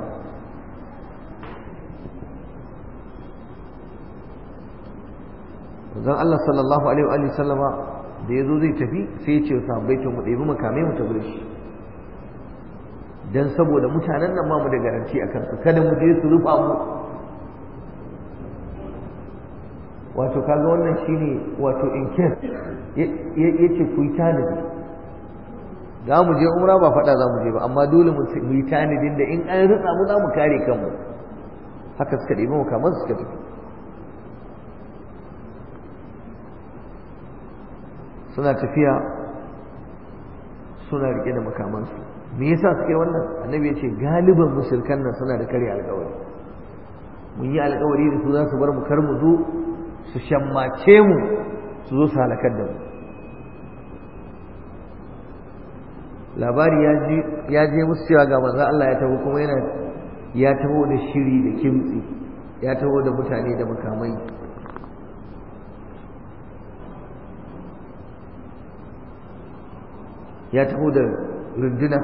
zan Allah sallallahu alaihi wa sallama da ya zo zai tafi sai ya ce sahabbai to mu ɗebi makamai mu tafi shi dan saboda mutanen nan ma mu da garanti akan su kada mu je su rufa mu wato kaga wannan shine wato in yace ku yi tanadi za mu je umra ba faɗa za mu je ba amma dole mu yi tanadin da in an rutsa mu za mu kare kanmu haka suka ɗebi mu kamar suka tafi suna tafiya suna riƙe da makamansu me yasa suke wannan annabi ya ce galiban musulkan nan suna da karya alƙawari mun yi alƙawari da su za su bar mu kar mu zo su shammace mu su zo su halakar da mu labari ya je musu cewa ga maza Allah ya taho kuma yana ya taho da shiri da kimtsi ya taho da mutane da makamai ya taho da runduna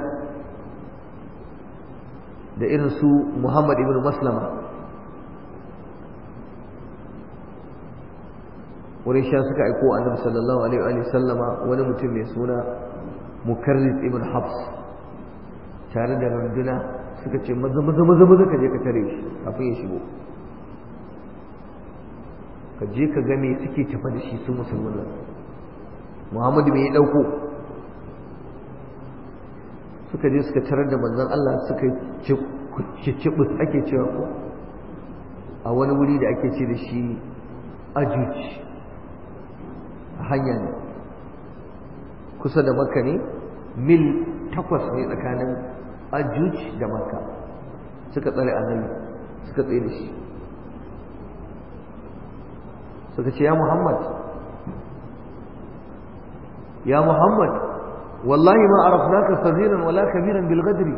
da irin su Muhammad ibn Maslama sha suka aiko annabi sallallahu alaihi wa sallama wani mutum mai suna mukarris ibn habs tare da runduna suka ce maza maza maza maza ka je ka tare shi kafin ya shigo ka je ka ga me suke tafa da shi su musulmai nan muhammadu me ya dauko suka je suka tarar da manzon Allah suka ce cibus ake cewa ko a wani wuri da ake ce da shi ajuji hanya ne kusa da makka ne mil takwas ne tsakanin ajuj da makka suka tsare annabi suka tsaye da shi suka ce ya muhammad ya muhammad wallahi ma arafnaka sagiran wala kabiran bil ghadri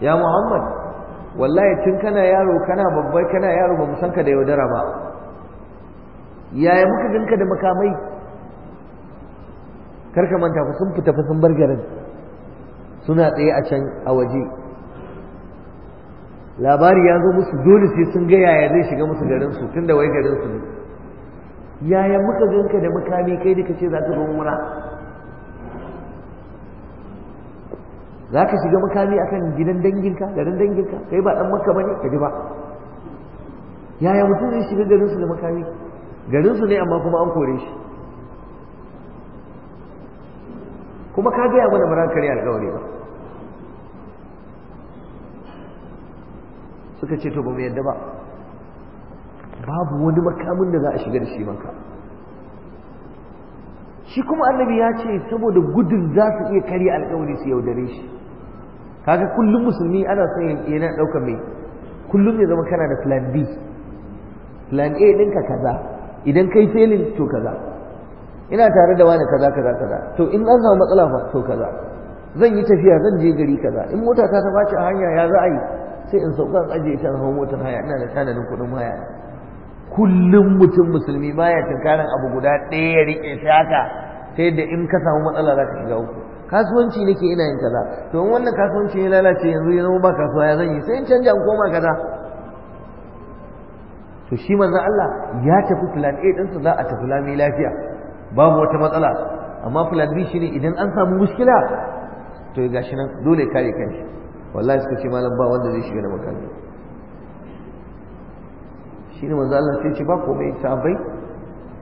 ya muhammad wallahi tun kana yaro kana babbai kana yaro ba mu san ka da yaudara ba yaya muka ganka da makamai karka manta ku sun fita sun bar garin suna tsaye a can a waje labari ya zo musu dole sai sun ga yaya zai shiga musu garin su tunda wai garin su ne yaya muka ganka da makami kai da kace za ka zo mura? za ka shiga makami akan gidan danginka garin danginka kai ba dan makka bane ka ji ba yaya mutum zai shiga garin su da makami garinsu ne amma kuma an kore shi kuma ka gaya mana bara kare alkawari ba suka ce to ba mu yadda ba babu wani makamin da za a shiga da shi maka shi kuma annabi ya ce saboda gudun za su iya karya alkawari su yaudare shi kaga kullum musulmi ana son yana ɗaukar mai kullum ya zama kana da plan B plan A ɗinka kaza idan kai felin to kaza ina tare da wani kaza kaza kaza to in an samu matsala fa to kaza zan yi tafiya zan je gari kaza in mota ta ta bace a hanya ya za a yi sai in sauka in ajiye ta hawo motar haya ina da tanadin kuɗin haya kullum mutum musulmi baya tunkarin abu guda ɗaya ya riƙe shi haka sai da in ka samu matsala za ka shiga uku kasuwanci nake ina yin kaza to in wannan kasuwanci ya lalace yanzu ya zama ba kasuwa ya zan yi sai in canja in koma kaza To shi manzon Allah ya tafi plan A ɗinsa za a tafi lami lafiya babu wata matsala amma plan B shine idan an samu muskila to ya gashi nan dole kare kanshi wallahi suka ce malam ba wanda zai shiga da makami shine manzon Allah sai ce ba komai sabai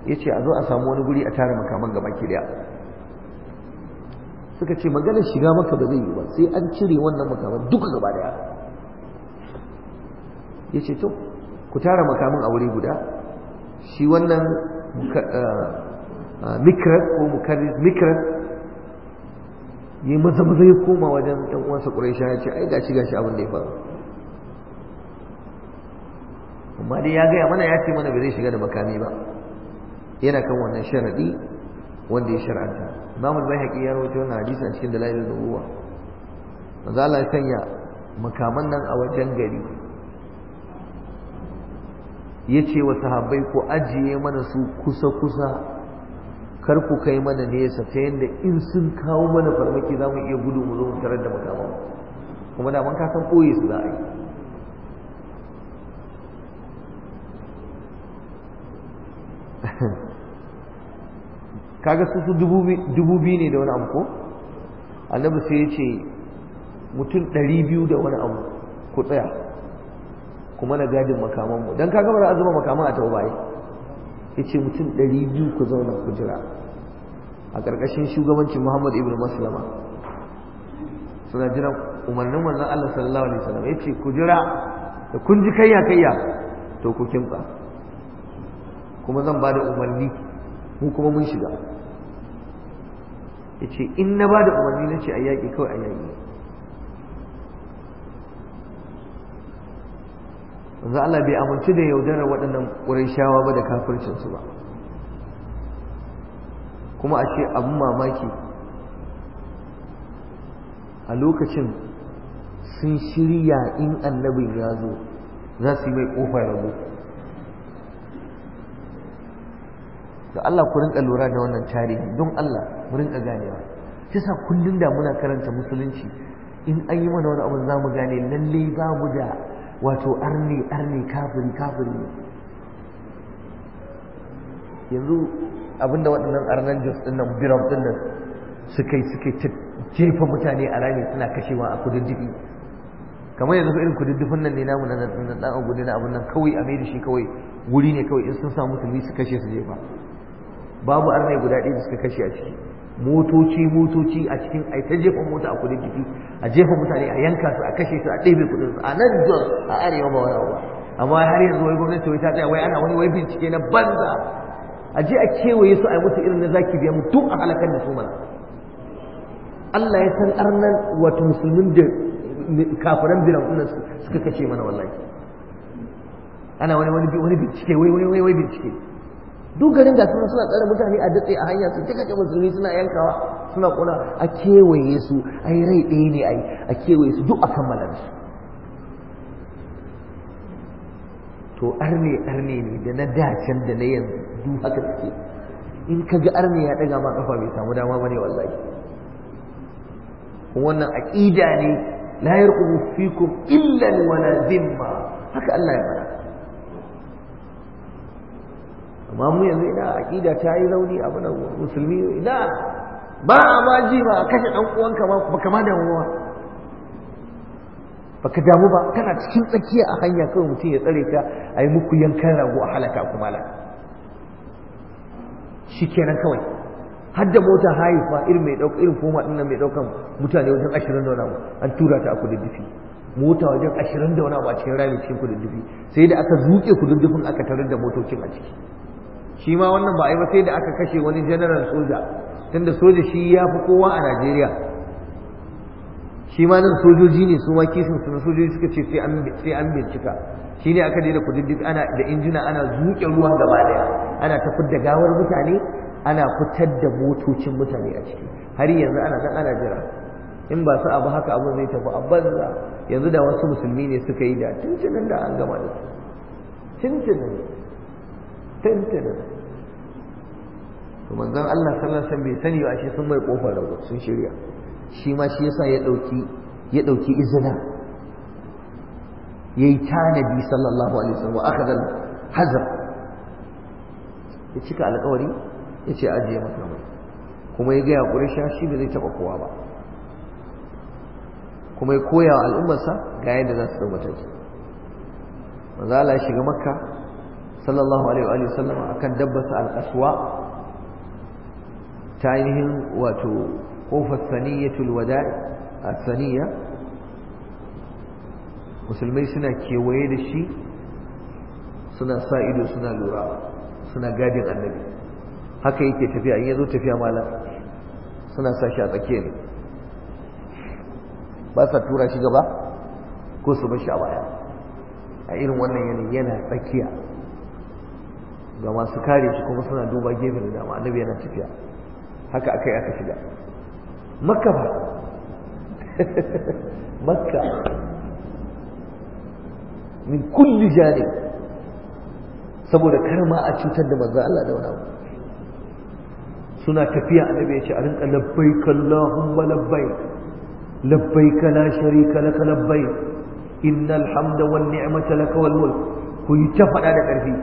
yace a zo a samu wani guri a tare makaman gaba ki daya suka ce maganar shiga maka ba zai yi ba sai an cire wannan makaman duka gaba daya yace to ku tara makamin a wuri guda shi wannan eh, eh, mikrat ko mukarris mikrat yi maza maza ya koma wajen ɗan uwansa ƙuraisha ya ce ai gashi gashi abin da ya faru amma dai ya gaya mana ya ce mana bai zai shiga da makami ba yana kan wannan sharaɗi wanda ya shar'anta Imam bai haƙi ya rawaito wannan hadisi a cikin dalilin nubuwa manzo Allah ya sanya makaman nan a wajen gari ya ce wa sahabbai ku ajiye mana su kusa-kusa kar ku kai mana nesa ta yadda in sun kawo mana farmaki za mu iya gudu mu zo mu tarar da makaman kuma da man kasan ɓoye su za a yi kaga su su dubu biyu ne da wani amko annabi sai ya ce mutum ɗari biyu da wani amko ku tsaya kuma na gadin makamanmu don ka gaba azuma makaman a taubaye ya ce mutum ɗari biyu ku zauna ku jira a ƙarƙashin shugabancin muhammadu ibn maslama suna jira umarnin wannan allah sallallahu alaihi wasallam ya ce ku jira da kun ji kayya kayya to ku kimka kuma zan ba da umarni mu kuma mun shiga ya ce in na ba da umarni na ce a yaƙi kawai a yaƙi manzo Allah bai amince da yaudarar waɗannan shawa ba da kafircinsu ba kuma a ce abin mamaki a lokacin sun shirya in annabin ya zo za su yi mai ƙofar rabu da Allah ku rinka lura da wannan tarihi don Allah mu rinka ganewa shi sa kullum da muna karanta musulunci in an yi mana wani abu za mu gane lallai ba mu da wato arne arne kafiri kafiri yanzu abinda waɗannan arnan jos ɗin nan biram ɗin nan suka suka ta jefa mutane a rami suna kashewa a kududdufi kamar yanzu irin kududdufin nan ne namu na nan ɗan agudu na abin nan kawai a mai da shi kawai wuri ne kawai in sun samu musulmi su kashe su jefa babu arnai guda ɗaya da suka kashe a ciki motoci motoci a cikin a ta jefa mota a kudin jiki a jefa mutane a yanka su a kashe su a ɗebe kudin su a nan jos a arewa ba wani abuwa amma har yanzu wai gwamnati wai ta tsaya wai ana wani wai bincike na banza a je a kewaye su a yi musu irin na zaki biya mutu a halakar da su mana Allah ya san arnan wato musulmin da kafiran biran ɗin suka kace mana wallahi ana wani wani bincike wai wai wai bincike duk garin da suna suna tsare mutane a datse a hanya su duka ga musulmi suna yankawa suna kula a kewaye su yi rai ɗaya ne a kewaye su duk a kammala su to arne arne ne da na dacen da na yanzu duk haka suke in ka ga arne ya ɗaga ma kafa bai samu dama bane wallahi wannan aqida ne la yarqubu fikum illa wala zimma haka Allah ya faɗa amma mu yanzu ina aƙida ta yi rauni a mana musulmi ina ba a ba ji ba kashe dan uwanka ba baka ma damu ba baka damu ba kana cikin tsakiya a hanya kawai mutum ya tsare ka a yi muku yankan rago a halaka kuma la shi kenan kawai har da mota haifa irin mai ɗauka irin foma ɗin nan mai ɗaukan mutane wajen ashirin da wani an tura ta a kududdufi mota wajen ashirin da wani abu a cikin rami cikin kududdufi sai da aka zuke kududdufin aka tarar da motocin a ciki shi ma wannan ba a yi ba sai da aka kashe wani general soja tunda soja shi ya fi kowa a najeriya shi ma nan sojoji ne su ma kisan su na sojoji suka ce sai an bincika shi ne aka daina kududdik ana da injina ana zuƙe ruwan gaba daya ana tafar da gawar mutane ana fitar da motocin mutane a ciki har yanzu ana nan ana jira in ba su abu haka abu zai tafi a banza yanzu da wasu musulmi ne suka yi da tuntunan da an gama da su tuntunan tuntunan to manzon Allah sallallahu alaihi wasallam bai sani ba shi sun mai kofar rago sun shirya shi ma shi yasa ya dauki ya dauki izina yayi tanadi sallallahu alaihi wasallam wa akhadha hazar ya cika alƙawari ya ce ajiye masa mai kuma ya gaya ƙurisha shi ba zai taɓa kowa ba kuma ya koya wa al'ummarsa ga yadda za su ɗau mataki manzo Allah ya shiga makka sallallahu alaihi wa sallam akan dabbarsa al-qaswa ta ainihin wato kofar saniyatul wada a saniya musulmai suna kewaye da shi suna sa ido suna lura suna gadin annabi haka yake tafiya in ya zo tafiya malam suna sa shi a tsakiya ne ba sa tura shi gaba ko su bar shi a baya a irin wannan yanayi yana tsakiya ga masu kare shi kuma suna duba gefen da dama annabi yana tafiya haka aka yi aka shiga makka ba makka min kulli janib saboda karma a cutar da manzo Allah da wani abu suna tafiya annabi ya ce a rinka labbaik Allahumma labbai labbai kala shari kala labbaik innal hamda wan ni'mata laka wal mulk ku yi ta faɗa da ƙarfi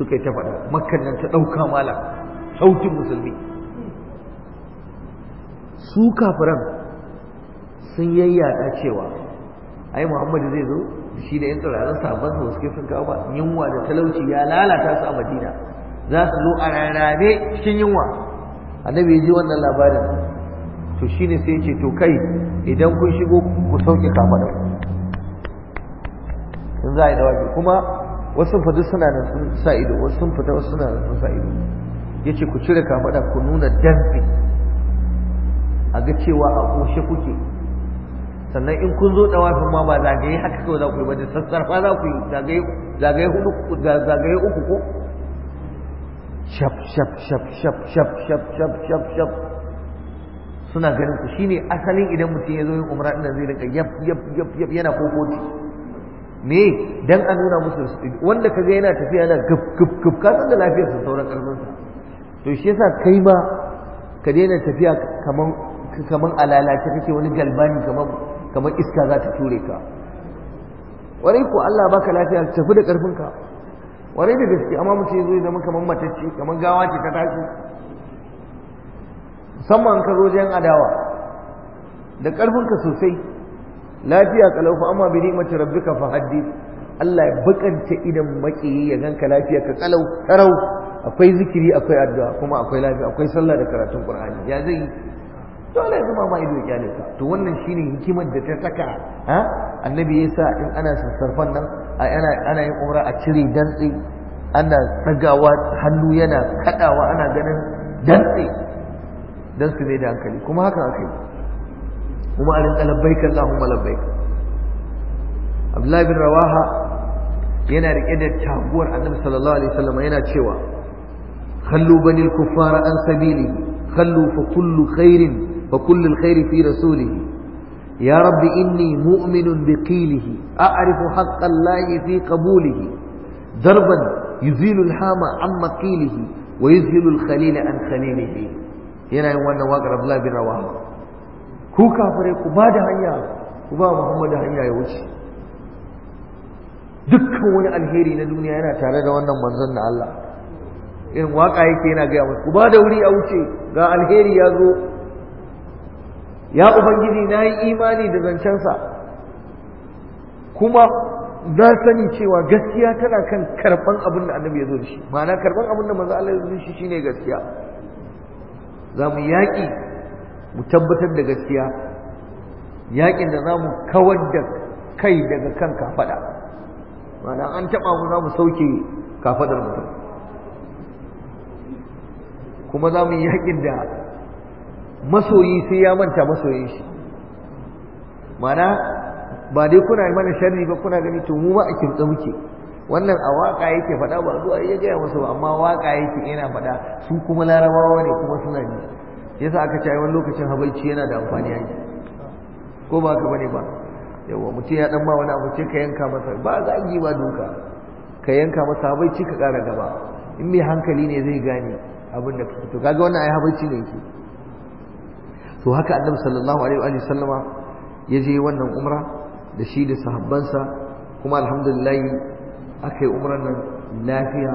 suka yi ta fada makkan nan ta ɗauka malam haukin musulmi su kafiran sun yayyada cewa ai muhammadu zai zo shi da yin tsirarin sabon su suke sun kawo ba yunwa da talauci ya lalata su a madina za su zo a rarrabe cikin yunwa annabi ya ji wannan labarin to shi ne sai ce to kai idan kun shigo ku sauke kafaɗa in za a yi dawaki kuma wasu fadu suna nan sun sa ido wasu sun fita wasu suna nan sun sa ido yace ku cire kafada ku nuna dantsi a ga cewa a kushe kuke sannan in kun zo dawafin ma ba zagaye haka kawai za ku yi ba da sassarfa za ku yi zagaye hudu hudu zagaye uku ko shaf shaf shaf shaf shaf shaf shaf shaf shaf suna ganin ku shine asalin idan mutum ya zo yin umra ɗin zai daga yaf yaf yaf yaf yana kokoti me dan a nuna musu wanda kaga yana tafiya na gub gub gub ka san da lafiyar sa sauran karfin sa to shi yasa kai ba ka daina tafiya kaman kaman alalace kake wani galbani kaman kaman iska za ta ture ka warai ko Allah baka lafiya tafi da karfin ka warai da gaske amma mutum zai zama kaman matacce kaman gawa ce ta tashi musamman ka zo jan adawa da karfin ka sosai lafiya kalaufa amma bi ni'mati rabbika fa haddith Allah ya bukanta idan makiyi ya ganka lafiya ka kalau tarau akwai zikiri akwai addu'a kuma akwai lafiya akwai sallah da karatun qur'ani ya zai dole ya zama ma ido ya to wannan shine hikimar da ta saka ha annabi yasa in ana sassarfan nan ana ana yin umra a cire dantse ana tsagawa hannu yana kadawa ana ganin dantse dan su da hankali kuma haka aka yi kuma a rinka labbaik Allahumma labbaik Abdullahi bin Rawaha yana rike da taguwar Annabi sallallahu alaihi wasallam yana cewa خلوا بني الكفار عن سبيله خلوا فكل خير فكل الخير في رسوله يا رب إني مؤمن بقيله أعرف حق الله في قبوله دربا يزيل الحام عن مقيله ويذهل الخليل عن خليله هنا يوانا واقع عبد الله بن رواحه ku kafare ku ba da hanya ku ba Muhammadu hanya ya wuce dukkan wani alheri na duniya yana tare da wannan manzon na Allah irin waka yake yana gaya musu ku ba da wuri a wuce ga alheri ya zo ya ubangiji na yi imani da zancensa kuma na sani cewa gaskiya tana kan karban abin da annabi ya zo da shi ma'ana karban abin da manzo Allah ya zo da shi shine gaskiya za mu yaƙi mu tabbatar da gaskiya yaƙin da za mu kawar da kai daga kan kafaɗa ma'ana an taɓa mu za mu sauke kafaɗar mutum kuma za mu yi yakin da masoyi sai ya manta masoyin shi mana ba dai kuna mana sharri ba kuna gani to mu ba a kirɗa muke wannan a waka yake faɗa ba zuwa ya gaya masa ba amma waka yake yana faɗa su kuma larabawa ne kuma suna ji yasa aka ce wani lokacin habaici yana da amfani a ko ba ka bane ba yawa mutum ya ɗan ba wani abu ce ka yanka masa ba zagi ba duka ka yanka masa habalci ka ƙara gaba in mai hankali ne zai gane abin da kake to kaga wannan ai habaici ne yake to haka annabi sallallahu alaihi wa sallama ya je wannan umra da shi da sahabbansa kuma alhamdulillah akai umran nan lafiya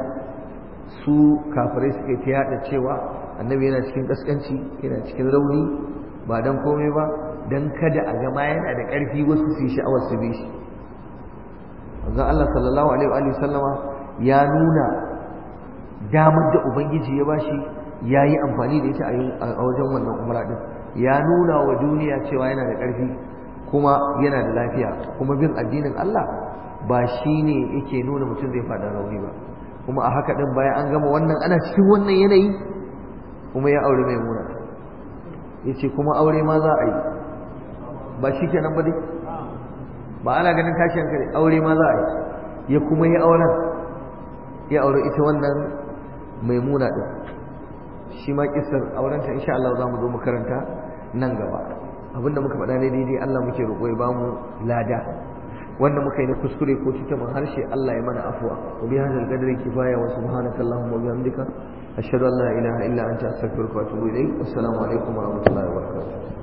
su kafirai suke ta yada cewa annabi yana cikin kaskanci yana cikin rauni ba dan komai ba dan kada a gama yana da karfi wasu su yi sha'awar su bi shi Allah sallallahu alaihi wa sallama ya nuna damar da ubangiji ya bashi ya yi amfani da ita a wajen wannan umara din ya nuna wa duniya cewa yana da ƙarfi kuma yana da lafiya kuma bin addinin Allah ba shi ne yake nuna mutum zai faɗa rauni ba kuma a haka ɗin bayan an gama wannan ana cikin wannan yanayi kuma ya aure mai muna ya ce kuma aure ma za a yi ba shi kenan ba dai ba ana ganin kashi yankari aure ma za a yi ya kuma ya auren ya aure ita wannan maimuna din shi ma kisar aurenta insha Allah za mu zo mu nan gaba abinda muka faɗa ne daidai Allah muke roƙo ya bamu lada wanda muka yi na kuskure ko cikin harshe Allah ya mana afuwa wa bi hadal qadri kifaya wa subhanaka allahumma wa bihamdika ashhadu an la ilaha illa anta astaghfiruka wa atubu ilayk assalamu alaikum wa rahmatullahi wa barakatuh